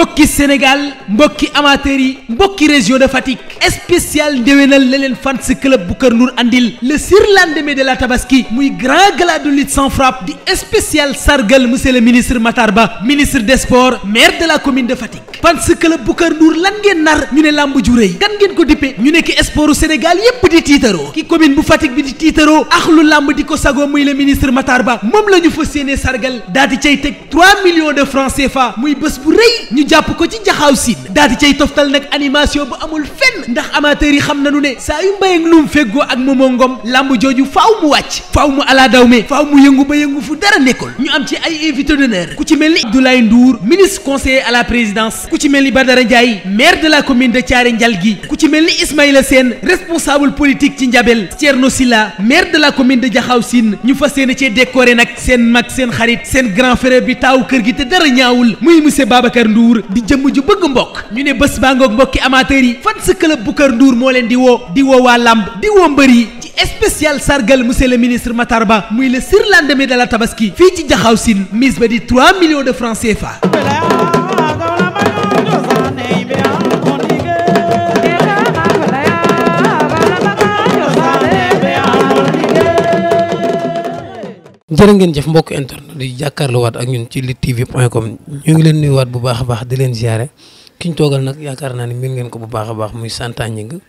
mbokki Sénégal mbokki amateur yi mbokki région de Fatick spécial ndéwénal la leen fans club bu Kër Ndour andil le surlendemain de la tabaski muy grand gala de lutte sans frappe di spécial sargal monsieur le ministre Matar Ba ministre des sports maire de la commune de Fatick fans club bu Kër Ndour lan ngeen nar ñu ne làmb ju rëy kan ngeen ko dippe ñu ne ki sportu Sénégal yépp di tiitaroo ki commune bu Fatick bi di tiitaroo ax lu làmb di ko sago muy le ministre Matar Ba moom la ñu fas yéenee sargal daal di cay teg 3 millions de francs CFA muy bés jàpp ko ci jaxaaw siin daal di cay toftal nag animation bu amul fenn ndax amateurs yi xam na nañu ne saa yu mbéyeg lu mu feggoo ak moomoo ngom làmb jooju faw mu wàcc faw mu alaa daw me faaw mu yëngu ba yëngu fu dara nekkul ñu am ci ay invité d'honneur ku ci mel ni Abdoulaye Ndour ministre conseil à la présidence ku ci mel ni Badara Ndiaye maire de la commune de njal gi ku ci mel ni Ismaïla Sène responsable politique ci Njabel Thierno Silla maire de la commune de Jaxaw Sine ñu fas yéene cee décoré nag seen mag seen xarit seen grand bi taaw kër gi te dara ñaawul muy monsieur Babacar Ndour di jëmm ju bëgg mbokk ñu ne bés baa ngoog mbokki amateur yi fan sa club Boucar Ndour moo leen di woo di woo waa làmb di woo mbër yi ci spécial sargal monsieur le ministre Matar Ba muy le surlendemain de la tabaski fii ci jaxaw sin mise ba di 3 millions de francs CFA. jërë ngeen jëf mbokk internet di jàkkaarloowaat ak ñun ci Lutte TV point com ñu leen nuyuwaat bu baax baax di leen ziare ki ñu toogal nag yaakaar naa ne miin ngeen ko bu baax a baax muy Santa Gningue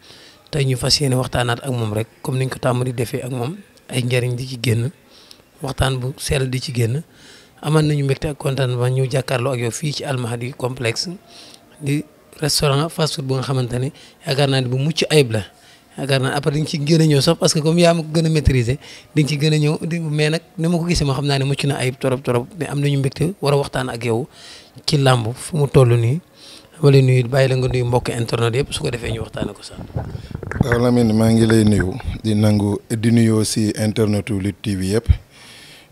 tey ñu fas yéene waxtaanaat ak moom rek comme niñ ko tàmm defee ak moom ay njariñ di ci génn waxtaan bu sell di ci génn aman nañu mbégte kontaan ba ñu jàkkaarloo ak yow fii ci Almahdi di restaurant fast food bu nga xamante ne yaakaar naa ne bu mucc ayib la. yaakaar naa après di nga ci gën a ñëw sax parce que comme yaa ma ko gën a maîtriser di ci gën a ñëw mais nag ni ma ko gis ma xam naa ne mucc na ayib torop torop mais am nañu mbégte war a waxtaan ak yow ci làmb fu mu toll nii ma lay bàyyi la nga nuyu mbokk internet yëpp su ko defee ñu waxtaanee ko sax. waaw Lamine maa ngi lay nuyu di nangu di nuyu aussi internetu Lutte TV yëpp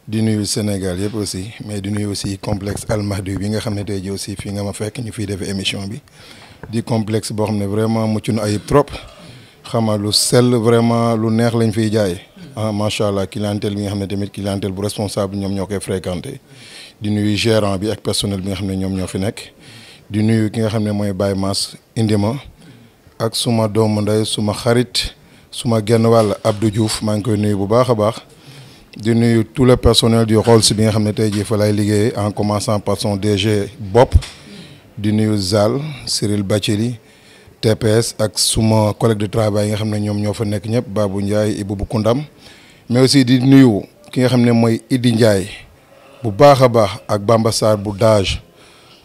di nuyu Sénégal yëpp aussi mais di nuyu aussi complexe Al Mahdi bi nga xam ne tey jii aussi fii nga ma fekk ñu fiy defee émission bi di complexe boo xam ne vraiment mucc na ayib xam nga lu sell vraiment lu neex lañ fiy jaay. ah macha allah clientèle bi nga xam ne tamit clientèle bu responsable ñoom ñoo koy fréquenté di nuyu gérant bi ak personnel bi nga xam ne ñoom ñoo fi nekk di nuyu ki nga xam ne mooy bay Mass indi ma ak suma doomu ndey suma xarit suma genn wàll Abdou Diouf maa ngi koy nuyu bu baax a baax di nuyu tout le personnel du si bi nga xam ne tey jii fa lay liggéey en commençant par son DG Bopp di nuyu Zal Cyril Bacheli TPS ak suma collègue de travail yi nga xam ne ñoom ñoo fa nekk ñëpp baabu njaay Ibou Koundam mais aussi di nuyu ki nga xam ne mooy Idi njaay bu baax a baax ak Bamba bu Dage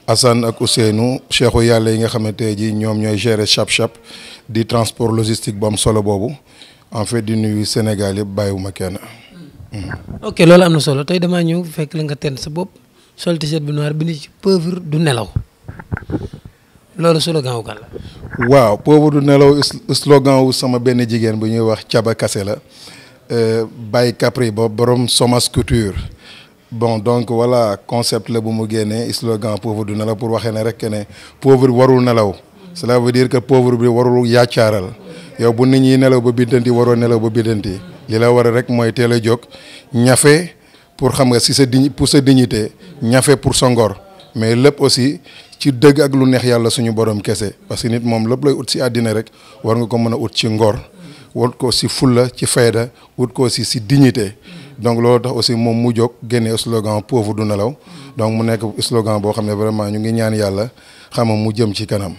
Assane ak Ousseynou cheikhu yàlla yi nga xam ne tey jii ñoom ñooy gérer chap chap di transport logistique bu am solo boobu en fait di nuyu Sénégal yëpp bàyyiwuma kenn. Hmm. ok loolu am na solo tey damaa ñëw fekk la nga teen sa bopp sol t-shirt bu noir bi ni ci pauvre du nelaw. loolu slogan wu kan waaw boobu du nelaw slogan wu sama benn jigéen bu ñuy wax Caba Kase la euh, Baye Capri ba borom Somas Couture bon donc voilà concept la bu mu génnee slogan pauvre du nelaw pour waxee ne rek ne pauvre warul nelaw cela veut dire que pauvre bi warul yaacaaral yow bu nit ñi nelaw ba biddanti waroo nelaw ba biddanti li la war a rek mooy teel a jóg ñafe pour xam nga si sa di pour sa dignité ñafe pour sa ngor mais lépp aussi ci dëgg ak lu neex yàlla suñu borom kese parce que nit moom lépp lay ut si àddina rek war nga ko mën a ut ci ngor wut ko si fulla ci fayda ut ko si si dignité donc loolu tax aussi moom mu jóg génne slogan pauvre du nelaw donc mu nekk slogan boo xam ne vraiment ñu ngi ñaan yàlla xam mu jëm ci kanam.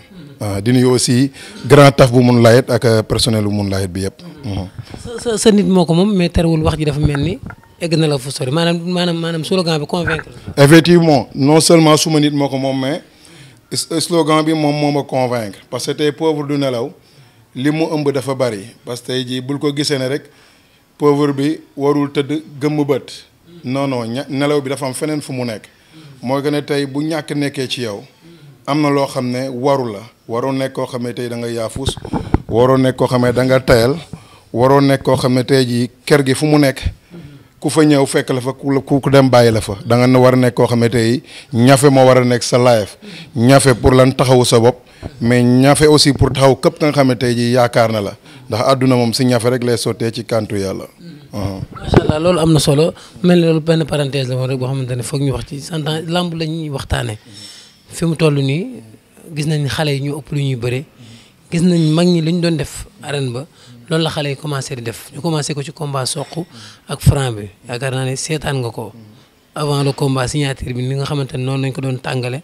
di nuyu aussi grand taf bu mun layet ak personnel bu mun layet bi yëpp. sa sa nit moo ko moom mais terewul wax ji dafa mel ni. egg na la fu sori maanaam maanaam maanaam slogan bi convaincre effectivement non seulement suma nit moo ko moom mais slogan bi moom moom a convaincre parce que tey pauvre du nelaw li mu ëmb dafa bari parce que tey jii bul ko gisee ne rek pauvre bi warul tëdd gëmm bët non non nelaw bi dafa am feneen fu mu nekk moo que ne tey bu ñàkk nekkee ci yow am na loo xam ne waru la waroo nekk koo xam ne tey da nga yaafus waroo nekk koo xam ne da nga tayal waroo nekk koo xam ne tey jii kër gi fu mu nekk ku fa ñëw fekk la fa ku ku dem bàyyi la fa da nga war a nekk koo xamante ñafe moo war a nekk sa life ñafe pour lan taxawu sa bopp mais ñafe aussi pour taxaw këpp ka nga xamante ji yaakaar na la ndax àdduna moom si ñafe rek lay sottee ci kantu yàlla. Uh-huh. macha allah loolu am na solo mel ni loolu benn parenthèse la woon rek boo xamante ne foog ñu wax ci santan lamb la ñuy waxtaanee fi mu toll nii gis nañ xale yi ñu ëpp lu ñuy bëre gis nañ mag ñi li ñu doon def arène ba. loolu la xale yi commencé di def ñu commencé ko ci combat soq ak franc bi yaakaar naa ne seetaan nga ko avant le combat signature bi ni nga xamante ne noonu lañ ko doon tàngale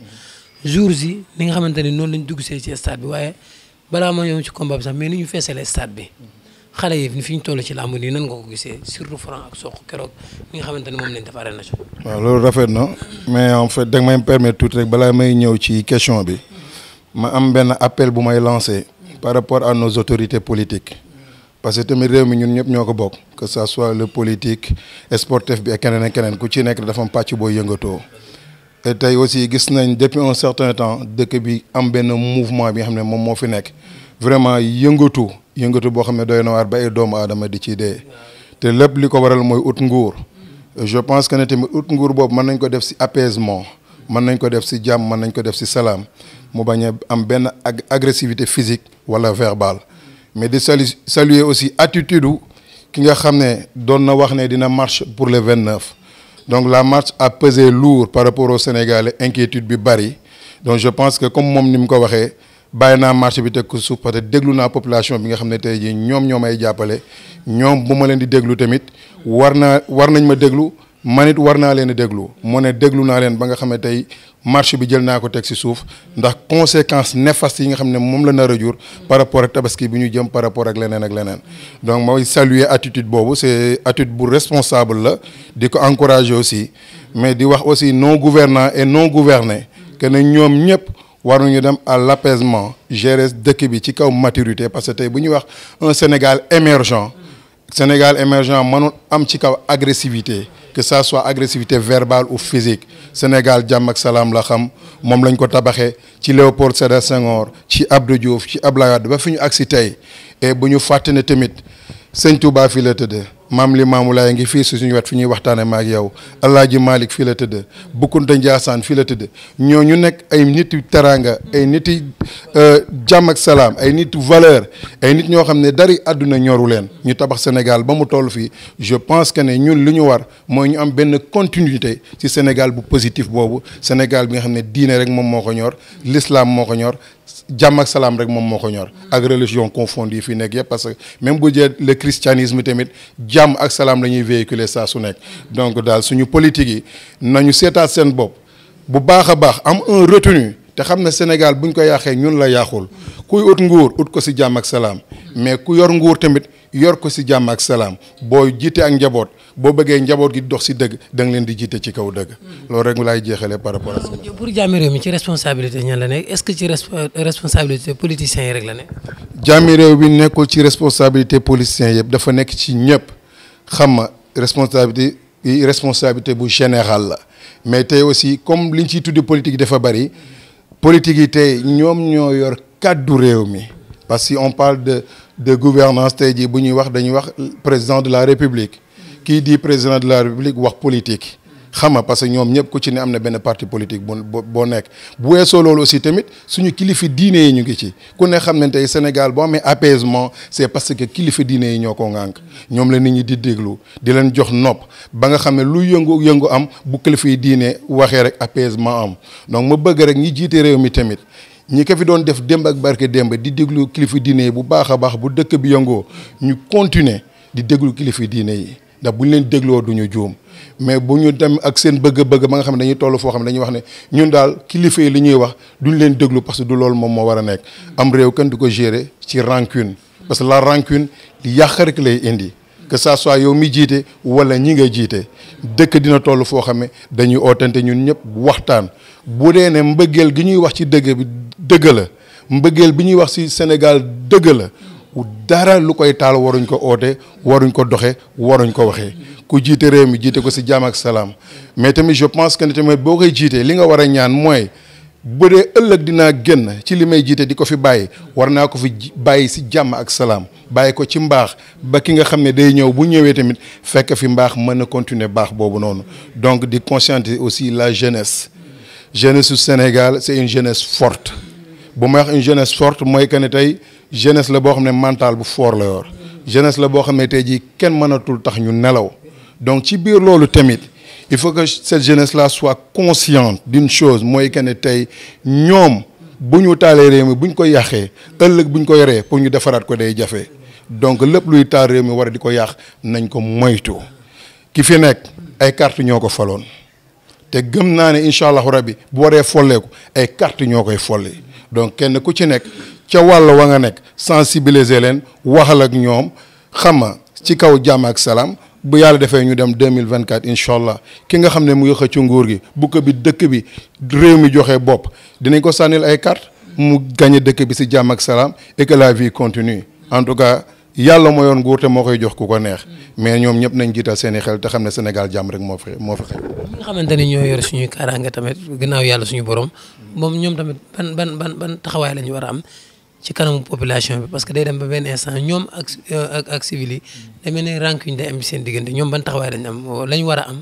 jours yi ni nga xamante ne noonu lañ dugg see ci stade bi waaye balaa ma ñëw ci combat bi mais ni ñu feesale stade bi xale yi fi ñu toll ci làmb nii nan nga ko gisee surtout franc ak soq keroog ni nga ne moom lañ def arène nationale. waaw loolu rafet na mais en permettre tuuti rek balaa may ñëw ci question bi ma am benn appel bu may lancé par rapport a nos autorités politiques. parce que tamit réew mi ñun ñëpp ñoo ko bokk que ça soit le politique sportif bi ak keneen ak keneen ku ci nekk dafa am pàcc boo yëngatoo tey aussi gis nañ depuis un certain temps dëkk bi am benn mouvement bi nga xam ne moom moo fi nekk vraiment yëngatu yëngatu boo xam ne doy na ba ay doomu aadama di ci dee te lép li ko waral mooy ut nguur je pense que ne tamit ut nguur boobu mën nañ ko def si apaisement mën nañ ko def si jàmm mën nañ ko def si salaam mu bañ a am benn agressivité physique wala verbale mais di salu saluer aussi attitude ki nga xam ne doon na wax ne dina marche pour le vingt neuf donc la marche a pesé lourd par rapport au Sénégal inquiétude bi bari donc je pense que comme moom ni mu ko waxee bàyyi naa marché bi teg ko suuf parce que déglu naa population bi nga xam ne tey jii ñoom ñoo may jàppale ñoom bu ma leen di déglu tamit war naa war nañ ma déglu. man it war naa leen a déglu mu ne déglu naa leen ba nga xam ne tey marché bi jël naa ko teg si suuf ndax conséquences néfastes yi nga xam ne moom la nar jur par rapport ak tabaski bi ñu jëm par rapport ak leneen ak leneen donc mooy saluer attitude boobu c'est attitude bu responsable la di ko encourager aussi mais di wax aussi non gouvernant et non gouverné que ne ñoom ñëpp war ñu dem à l'apaisement gérer dëkk bi ci kaw maturité parce que tey bu ñu wax un Sénégal émergent Sénégal émergent mënul am ci kaw agressivité que ça soit agressivité verbale ou physique Sénégal jàmm ak salaam la xam moom lañ ko tabaxee ci Léopold Sédar Senghor ci Abdou Diouf ci Abdoulaye Wade ba fi ñu agsi tey bu ñu fàtte ne tamit sëñ Touba fii la tëddee. maam li maamu laay ngi fii si suñu wet fi ñuy waxtaane ma ak yow alaaji Malick fii la tëdd Bukunta Njaasaan fii la tëdd ñoo ñu nekk ay nit yu teraanga ay nit yu euh, jàmm ak salaam ay nit valeur ay nit ñoo xam ne dari àdduna ñoru leen ñu tabax Sénégal ba mu toll fii je pense que ne ñun lu ñu war mooy ñu am benn continuité ci Sénégal bu positif boobu Sénégal bi nga xam ne diine rek moom moo ko ñor lislaam moo ko ñor jàmm ak salaam rek moom moo ko ñor ak religion confondue yi fii nekk yëpp parce que même bu jee le christianisme tamit jàmm ak salaam la ñuy véhiculer saa su nekk donc daal suñu politique yi nañu seetaat seen bopp bu baax a baax am un retenu te xam ne Sénégal buñ ko yàqee ñun la yaaxul kuy ut nguur ut ko si jàmm ak salaam mais ku yor nguur tamit yor ko si jàmm ak salaam boo jiite ak njaboot boo bëggee njaboot gi dox si dëgg da leen di jiite ci kaw dëgg. loolu rek laay jeexale par rapport ak. pour jàmmi réew mi ci responsabilité ñan la nekk est-ce que ci responsabilité politiciens yi rek la ne jàmmi réew bi nekkul ci responsabilité politiciens yëpp dafa nekk ci ñëpp. xam ma responsabilité responsabilité bu général la mais tey aussi comme liñ ciy tudde politique dafa bëri politique yi tey ñoom ñoo yor kàddu réew mi parce que on parle de de gouvernance tey jii bu ñuy wax dañuy wax président de la république kii di président de la république wax politique xam nga parce que ñoom ñëpp ku ci ne am na benn parti politique bu boo nekk bu weesoo loolu aussi tamit suñu kilifa diine yi ñu ngi ci ku ne xam ne tey Sénégal boo amee apaisement c'est parce que kilifa diine yi ñoo ko ŋànk ñoom la nit ñi di déglu di leen jox nopp ba nga xam ne lu yëngu yëngu am bu kilifa yi diine waxee rek apaisement am donc ma bëgg rek ñi jiite réew mi tamit ñi ko fi doon def démb ak barke démb di déglu kilifa diine yi bu baax a baax bu dëkk bi yëngoo ñu continuer di déglu kilifi diine yi. ndax bu ñu leen dégloo du ñu juum mais bu ñu dem ak seen bëgg-bëgg ba nga xam ne dañuy toll foo xam ne dañuy wax ne ñun daal kilifa yi li ñuy wax duñ leen déglu parce que du loolu moom moo war a nekk. am réew kenn du ko gérer ci rancune. parce que la rancune yàq rek lay indi. que sa soit yow mi jiite wala ñi nga jiite dëkk dina toll foo xam ne dañuy ootante ñun ñëpp waxtaan bu dee ne mbëggeel gi ñuy wax ci dëgg bi dëgg la mbëggeel bi ñuy wax ci Sénégal dëgg la. dara lu koy taal waruñ ko oote waruñ ko doxe waruñ ko waxee ku jiite réew mi jiite ko si jàmm ak salaam mais tamit je pense que ne tamit boo koy jiitee li nga war a ñaan mooy bu dee ëllëg dinaa génn ci li may jiite di ko fi bàyyi war naa ko fi bàyyi si jàmm ak salaam bàyyi ko ci mbaax ba ki nga xam ne day ñëw bu ñëwee tamit fekk fi mbaax mën na continuer baax boobu noonu donc di conscientiser aussi la jeunesse jeunesse su Sénégal c'est une jeunesse forte bu may wax une jeunesse forte mooy que ne tey jeunesse la boo xam ne mantal bu fort la yor jeunesse la boo xam ne tey jii kenn mënatul tax ñu nelaw donc ci biir loolu tamit il faut que cette jeunesse là soit consciente d'une chose mooy que ne tey ñoom bu ñu taalee réew mi bu ñu ko yàqee ëllëg bu ñu ko yoree pour ñu defaraat ko day jafe donc lépp luy taal réew mi wara di ko yàq nañ ko moytu ki fi nekk ay carte ñoo ko faloon te gëm naa ne incha allahu rabbi bu waree folleeku ay carte ñoo koy folli donc kenn ku ci nekk ca wàll wa nga nekk sensibiliser leen waxal ak ñoom xama ci kaw jàmm ak salaam bu yàlla defee ñu dem 2024 incha allah ki nga xam ne mu yoxe ci nguur gi bu ko bi dëkk bi réew mi joxe bopp dinañ ko sànnil ay carte mu gagné dëkk bi si jàmm ak salaam et que la vie continue en tout cas yàlla moo yoon nguur te moo koy jox ku ko neex mais ñoom ñëpp nañ jiital seeni xel te xam ne Sénégal jàmm rek moo fi moo fi xel. ñi xamante ni ñoo yor suñuy kaaraange tamit gannaaw yàlla suñu borom moom ñoom tamit ban ban ban ban taxawaay la ñu war a am ci kanamu population bi parce que day dem ba benn instant ñoom ak ak ak civil yi demee ne seen diggante ñoom ban taxawaay lañ am lañ war am.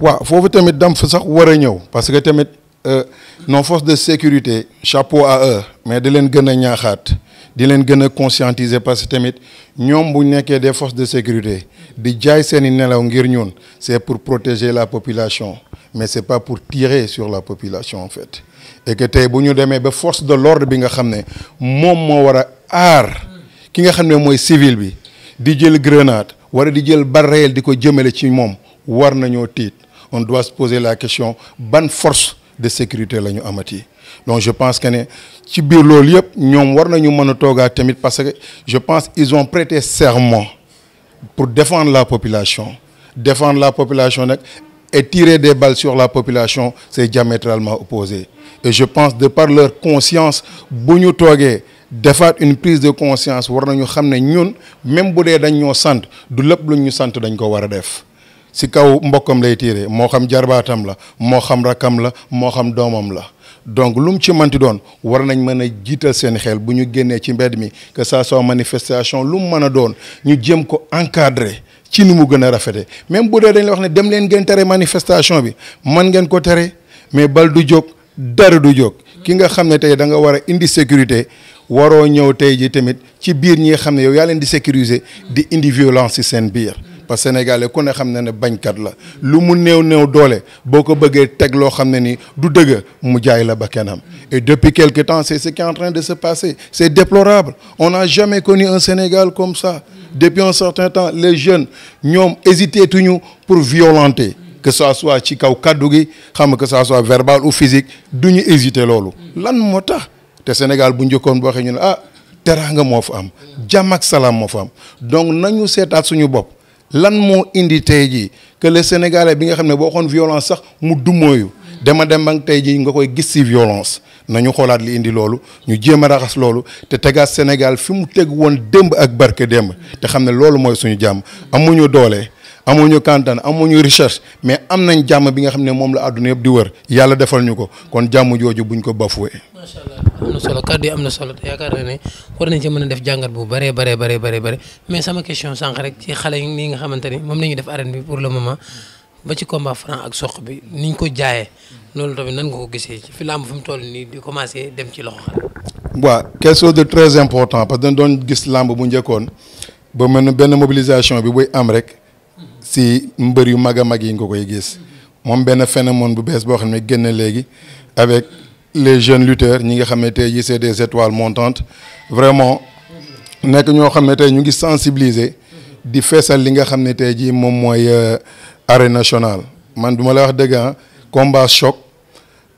waaw foofu tamit dam fa sax war a ñëw parce que tamit euh, non forces de sécurité chapeau à eux mais di leen gën a ñaaxaat. di leen gën a conscientiser parce que tamit ñoom bu nekkee des force de sécurité di jaay seeni nelaw ngir ñun c'est pour protéger la population mais c'est pas pour tirer sur la population en fait que tey bu ñu demee ba force de l'ordre bi nga xam ne moom moo war a aar ki nga xam ne mooy civil bi di jël grenade wala di jël barreel di ko jëmale ci moom war nañoo tiit on doit poser la question ban force de sécurité la ñu amati donc je pense que ne ci biir loolu yëpp ñoom war nañu mën a toogaat tamit parce que je pense ils ont prêté serment pour défendre la population défendre la population nag et tirer des balles sur la population c'est diamétralement opposé et je pense de par leur conscience bu ñu toogee defaat une prise de conscience war nañu xam ne ñun même bu dee dañ ñoo sant du lépp luñ ñu sant dañ ko war a def si kaw mbokkam lay tiire moo xam jarbaatam la moo xam rakkam la moo xam doomam la donc lu mu ci manti doon war nañ mën a jiital seen xel bu ñu génnee ci mbedd mi que ça soit manifestation lu mu mën a doon ñu jëm ko encadrer ci ni mu gën a rafete même bu dee dañ wax ne dem leen ngeen tere manifestation bi man ngeen ko tere mais bal du jóg dara du jóg ki nga xam ne tey da nga war a indi sécurité waroo ñëw tey ji tamit ci biir ñi xam ne yow yaa leen di sécuriser di indi violence ci seen biir parce que sénégalais ku ne xam na ne bañkat la lu mu néew néew doole boo ko bëggee teg loo xam ne ni du dëgg mu jaay la ba kenam et depuis quelque temps c'est ce qui est en train de se passer c'est déplorable on n'a jamais connu un Sénégal comme ça depuis un certain temps les jeunes ñoom hésité tuñu pour violenter que ça soit ci kaw kaddu gi xam nga que ça soit verbal ou physique du ñu hésité loolu lan moo tax te Sénégal bu njëkkoon boo waxee ñu ne ah teraanga moo fa am jàmm ak moo fa am donc nañu seetaat suñu bopp lan moo indi tey jii que le sénégalais bi nga xam ne boo xoon violence sax mu dummóoyu dema dem ba tey jii nga koy gis si violence nañu xoolaat li indi loolu ñu jéem a raxas loolu te tegaat Sénégal fi mu teg woon démb ak barke démb te xam ne loolu mooy suñu jàmm amuñu doole. amuñu kantan amuñu recherche mais am nañ jàmm bi nga xam ne moom la àdduna yëpp di wër yàlla defal ñu ko kon jàmm jooju buñ ko bafoué. macha allah am na solo kàddu yi am na solo te yaakaar naa ne war nañ ci mën a def jàngat bu bëree bëree bëree bëri mais sama question sànq rek ci xale yi nii nga xamante ni moom la ñuy def arène bi pour le moment ba ci combat franc ak soq bi niñ ko jaayee loolu tamit nan nga ko gisee ci fi làmb fi mu toll nii di commencé dem ci loxo xale. waaw quelque chose de très important parce que doon gis làmb bu njëkkoon ba mel benn mobilisation bi buy am rek. si mbër yu mag a mag yi nga koy gis moom benn phénomène bu bees boo xam ne génn léegi avec les jeunes lutteurs ñi nga xam ne tey jii c'est des étoiles montantes vraiment nekk ñoo xam ne tey ñu ngi sensibiliser di feesal li nga xam ne tey jii moom mooy euh, arène national man duma ma la wax dëgg ah combat choc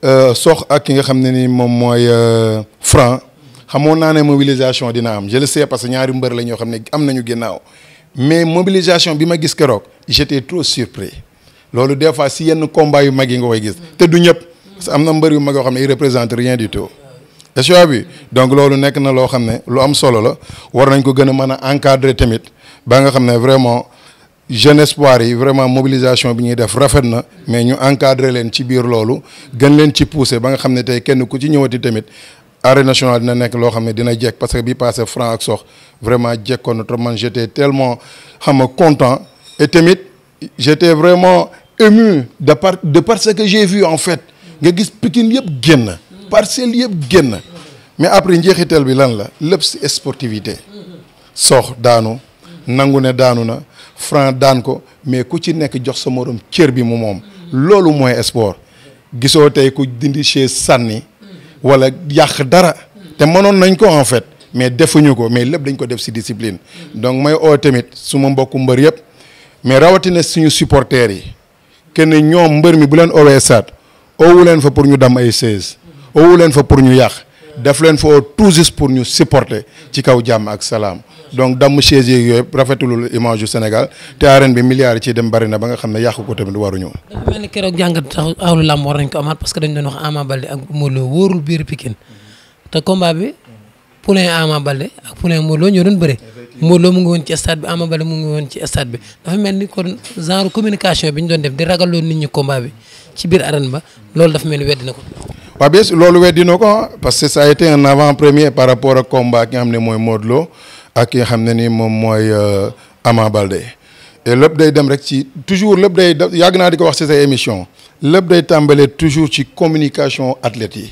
euh, sox ak ki nga xam ne nii moom mooy euh, franc xamoon naa ne mobilisation dina am je le sais parce que ñaari mbër la ñoo xam ne am nañu ginnaaw. mais mobilisation bi ma gis keroog j'étais trop surpris loolu des fois si yenn combat yu mag yi nga koy gis te du ñëpp parce am na mbër yu mag yoo xam ne il représente rien du tout est bi donc loolu nekk na loo xam ne lu am solo la war nañ ko gën a mën a encadrer tamit ba nga xam ne vraiment jeune espoir yi vraiment mobilisation bi ñuy def rafet na mais ñu encadrer leen ci biir loolu gën leen ci pousser ba nga xam ne tey kenn ku ci ñëwati tamit arène nationale dina nekk loo xam ne dina jekk parce que bi passé franc ak sox vraiment jekkoon na trop man j'étais tellement xam nga content et tamit j'étais vraiment ému de par de par que j'ai vu en fait nga gis Pikine yëpp génn parcelles yëpp génn mais après njeexital bi lan la lépp si sportivité sox daanu nangu ne daanu na franc daan ko mais ku ci nekk jox sa morom cër bi mu moom loolu mooy sport gisoo tey ku dindi chaise sànni wala yàq dara te mënoon nañ ko en fait mais defuñu ko mais lépp dañ ko def si discipline donc mooy oo tamit su ma mbokku mbër yëpp mais rawatina suñu supporters yi kenn ne ñoom mbër mi bu leen owee saat owu leen fa pour ñu dam ay seize owu leen fa pour ñu yàq def leen foo tout pour ñu supporter ci kaw jàmm ak salaam donc damm chaise yeeg yooyu rafetulul image yu bi milliards yi ciy dem bari na ba nga xam ne yàqu ko tamit waruñu. dafa mel ni keroog jàngat tax awlu làmb war nañ ko parce que dañ doon wax Ama Baldé ak Modou te combat bi poulain Ama ak poulain Modou Lo ñoo doon bëre. Modou mu ngi woon ci stade bi Ama woon ci stade bi mel ni kon genre communication bi ñu doon def di ragaloo nit ñi combat bi ci biir arène ba loolu dafa mel ni weddi na ko. Pabès loolu weddina ko parce que ça a été avant-première par rapport a combat ki nga xam ne mooy Modou ak ki nga xam ne nii moom mooy euh, Ama Baldé et lépp day dem rek ci toujours lépp day yàgg naa di ko wax ci sa émission lépp day tàmbalee toujours ci communication athlètes yi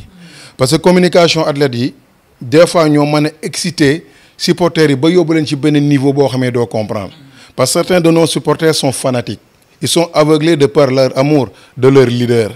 parce que communication athlètes yi des fois ñoo mën a exciter supporters yi ba yóbbu leen ci benn niveau boo xamee doo comprendre parce que certains de nos supporters son fanatiques ils par leur amour de leur leader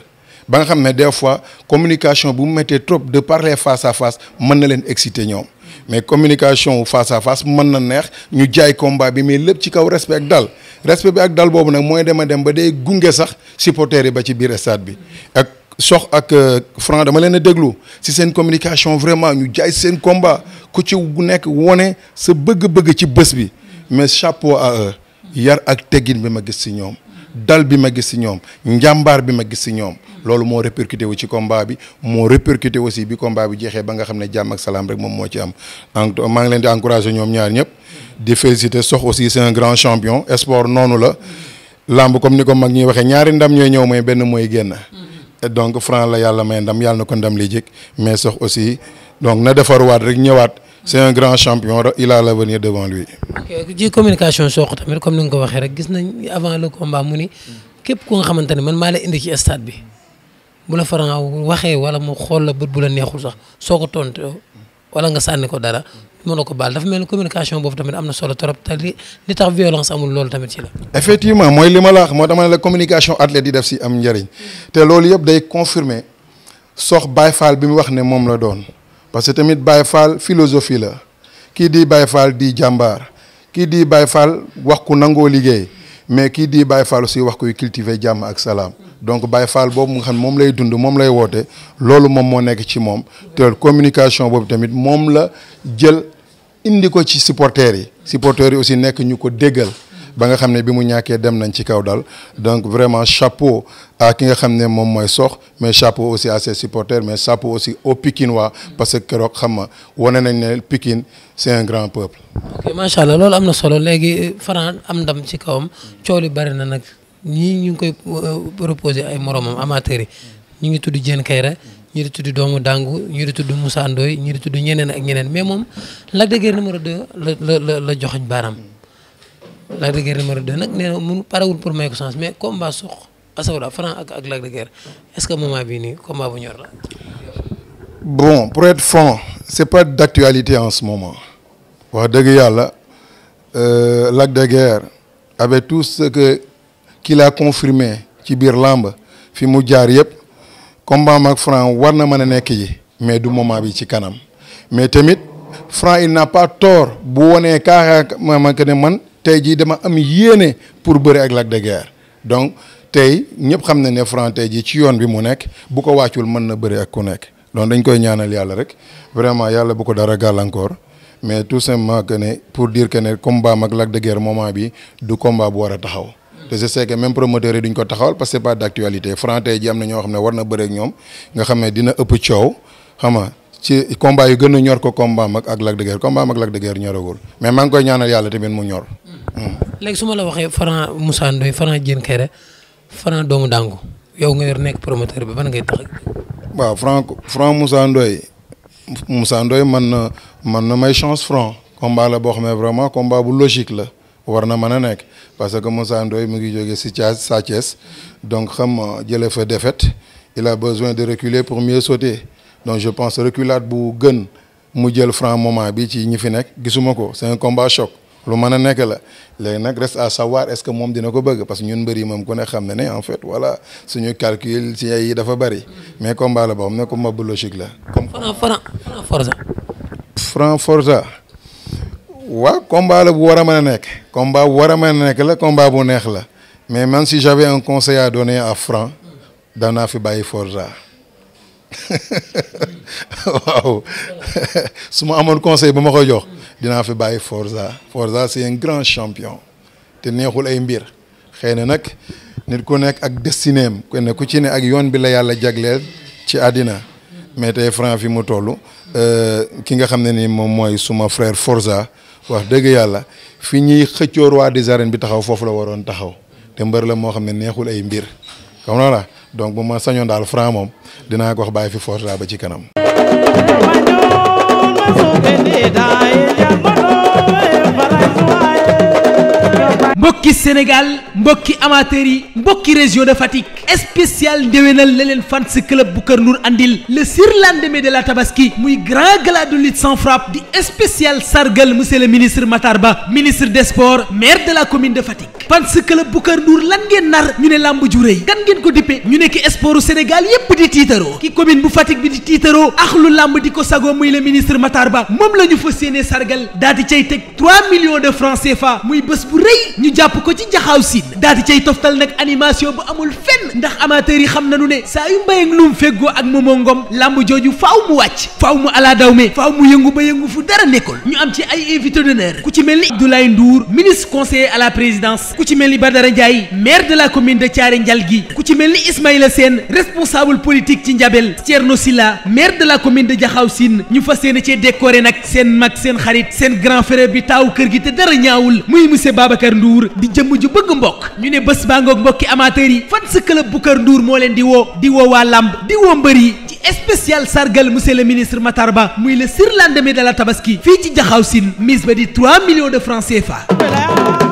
ba nga xam ne des fois communication bu mu mettee trop de parler face à face mën na leen exciter ñoom mais communication face à face mën na neex ñu jaay combat bi mais lépp ci kaw respect ak dal respect bi ak dal boobu nag mooy dem a dem ba dee gunge sax supporters yi ba ci biir stade bi ak sox ak euh, franc dama leen a déglu si seen communication vraiment ñu jaay seen combat ku ci nekk wane sa bëgg-bëgg ci bës bi mais chapeau à eux yar ak teggin bi ma gis si ñoom dal bi ma gis si ñoom njàmbaar bi ma gis si ñoom loolu moo répercuté wu ci combat bi moo répercuté aussi bi combat bi jeexee ba nga xam ne jàmm ak salaam rek moom moo ci am donc maa ngi leen di encouragé ñoom ñaar ñëpp di félicité sox aussi c'est un grand champion sport noonu la làmb comme ni ko mag ñuy waxee ñaari ndam ñooy ñëw mooy benn mooy génn donc Franc la yàlla may ndam yàlla na ko ndam li jik mais sox aussi donc na defarwaat rek ñëwaat c'est un grand champion il a l'avenir devant lui. ok communication Sokh tamit comme ni nga ko waxee rek gis nañ avant le combat mu ni képp ku nga xamante ne man maa la indi ci stade bi bu la wala mu xool la bët bu la neexul sax soo ko wala nga sànni ko dara mën na ko baal dafa mel communication boobu tamit am na solo trop te li li tax violence amul lool tamit ci la. effectivement mooy li ma la wax moo dama ne la communication athlète yi def si am njëriñ te loolu yëpp day confirmer Sokh Baye Fall bi mu wax ne moom la doon. parce que tamit Baye Fall philosophie la kii di Baye Fall di jàmbaar kii di Baye Fall wax ku nangoo liggéey mais kii di Baye Fall aussi wax kuy cultiver jàmm ak salaam donc Baye Fall boobu nga xam moom lay dund moom lay woote loolu moom moo nekk ci moom te communication boobu tamit moom la jël indi ko ci supporters yi supporters yi aussi nekk ñu ko déggal ba nga xam ne bi mu ñàkkee dem nañ ci kaw daal donc vraiment chapeau à ki nga xam ne moom mooy Sokh mais chapeau aussi à ses supporters mais chapeau aussi aux Pikinois mm. parce que keroog xam nga wane nañ ne Pikine c'est un grand peuple. ok macha allah loolu am na solo léegi euh, Franc am ndam ci kawam coow li bari na nag ñii ñu ngi koy proposer euh, ay moromam amateurs yi ñu ngi tudd Diène Kaïré ñu di tudd doomu Dangu ñu di tudd Moussa Ndoye ñu di tudd ñeneen ak ñeneen mais moom Lac de Guiers numéro 2 la la baaram. Lac de Guiers numéro 2 nag nee na mu est-ce que moment bii dëgg yàlla euh, Lac de Guiers avec tout ce que qu'il a ci biir làmb fi mu jaar yëpp combat ak Franc war na mën a nekk yi mais du moment bi ci kanam mais tamit Franc il n'a pas tort bu wonee carrément que ne man. tey jii dama am yéene pour bëre ak Lac de donc tey ñëpp xam na ne Franc tey jii ci yoon bi mu nekk bu ko wàccul mën na bëre ak ku nekk donc dañ koy ñaanal yàlla rek vraiment yàlla bu ko dara gàllankoor mais tout simplement que ne pour diir que comme combat mag Lac de Guiers moment bi du combat bu war a taxaw. Mm. te je sais que même promoteur yi duñ ko taxawal parce que c'est pas d'actualité Franc tey jii am na ñoo xam ne war na bëre ak ñoom nga xam ne dina ëpp coow xam nga ci combat yu gën a ñor ko combat ak Lac de Guiers combat mag Lac de Guiers ñoragul mais maa ngi koy ñaanal yàlla tamit mu ñor. Hmm. léegi su ma la waxee Franc Moussa Ndoye Franc Diène Kaïré Franc doomu dàngu yow nga nekk promoteur bi ban ngay tax. waaw Franc Franc Moussa Ndoye Moussa Ndoye man na man na may chance Franc combat la boo xam ne vraiment combat bu logique la. war na mën a nekk parce que Moussa Ndoye mu ngi jóge si Thiès Sa donc xam jële fa défaite il a besoin de reculer pour mieux sauter donc je pense reculade bu gën mu jël franc moment bi ci ñi fi nekk gisuma ko c'est un combat choc lu mën a nekk la léegi nag reste à savoir est-ce que moom dina ko bëgg parce que ñun mbër yi moom ku ne xam ne ne en fait voilà suñu calcul ci ay yi dafa bëri mais combat la boo xam bu logique la. comme Franc Forza. Franc Forza waaw combat bu war a mën a nekk. combat bu war a mën a nekk la combat bu neex la mais même si j'avais un conseil à donner à Franc danaa fi bàyyi Forza. waaw su ma amoon conseil ba ma koy jox dinaa fi bàyyi Forza Forza c'est un grand champion te neexul ay mbir xëy na nag nit ku nekk ak destinéem ku ne ku ci ne ak yoon bi la yàlla jagleel ci àddina mais tey Franc fi mu toll euh, ki nga xam ne ni moom mooy suma frère Forza wax dëgg yàlla fi ñuy xëccoo roi des arènes bi taxaw foofu la waroon taxaw te mbër la moo xam ne neexul ay mbir xam naa donc bu ma sañoon daal franc moom dinaa ko wax bàyyi fi forta ba ci kanam mbokki Sénégal mbokki amateurs yi mbokki région de Fatick spécial ndéwénal la leen fans club bu Kër Ndour andil le surlendemain de la tabaski muy grand gala de lutte sans frappe di spécial sargal monsieur le ministre Matar Ba ministre des sports maire de la commune de Fatick fans club bu Kër Ndour lan ngeen nar ñu ne làmb ju rëy kan ngeen ko dippe ñu ne ki sportu Sénégal yépp di tiitaroo ki commune bu Fatick bi di tiitaroo ax lu làmb di ko sagoo muy le ministre Matar moom la ñu fas yéene sargal daal di cay teg 3 millions de francs CFA muy bés bu rëy ñu jàpp ko ci jaxaaw siin daal di cay toftal nag animation bu amul fenn ndax amateurs yi xam na nañu ne saa yu mbéyeg lu mu fegoo ak Momo Ngom lamb jooju faw mu wàcc faw mu alaa daw me faaw mu yëngu ba yëngu fu dara nekkul ñu am ci ay invité d'honneur ku ci mel ni Abdoulaye nduur ministre conseil à la présidence ku ci mel ni Badara Ndiaye maire de la commune de njal gi ku ci mel ni Ismaïla seen responsable politique ci Njabel Thierno Silla maire de la commune de Jaxaaw Sine ñu fas yéene cee décoré nag seen mag seen xarit seen grand frère bi taaw kër gi te dara ñaawul muy monsieur Babacar Ndour Ndour di jëmm ju bëgg mbokk ñu ne bés baa ngoog mbokki amateur yi fan sa club Boucar Ndour moo leen di woo di woo waa lamb di woo mbër yi ci spécial sargal monsieur le ministre Matar Ba muy le surlendemain de la tabaski fii ci jaxaw sin mise ba di 3 millions de francs fa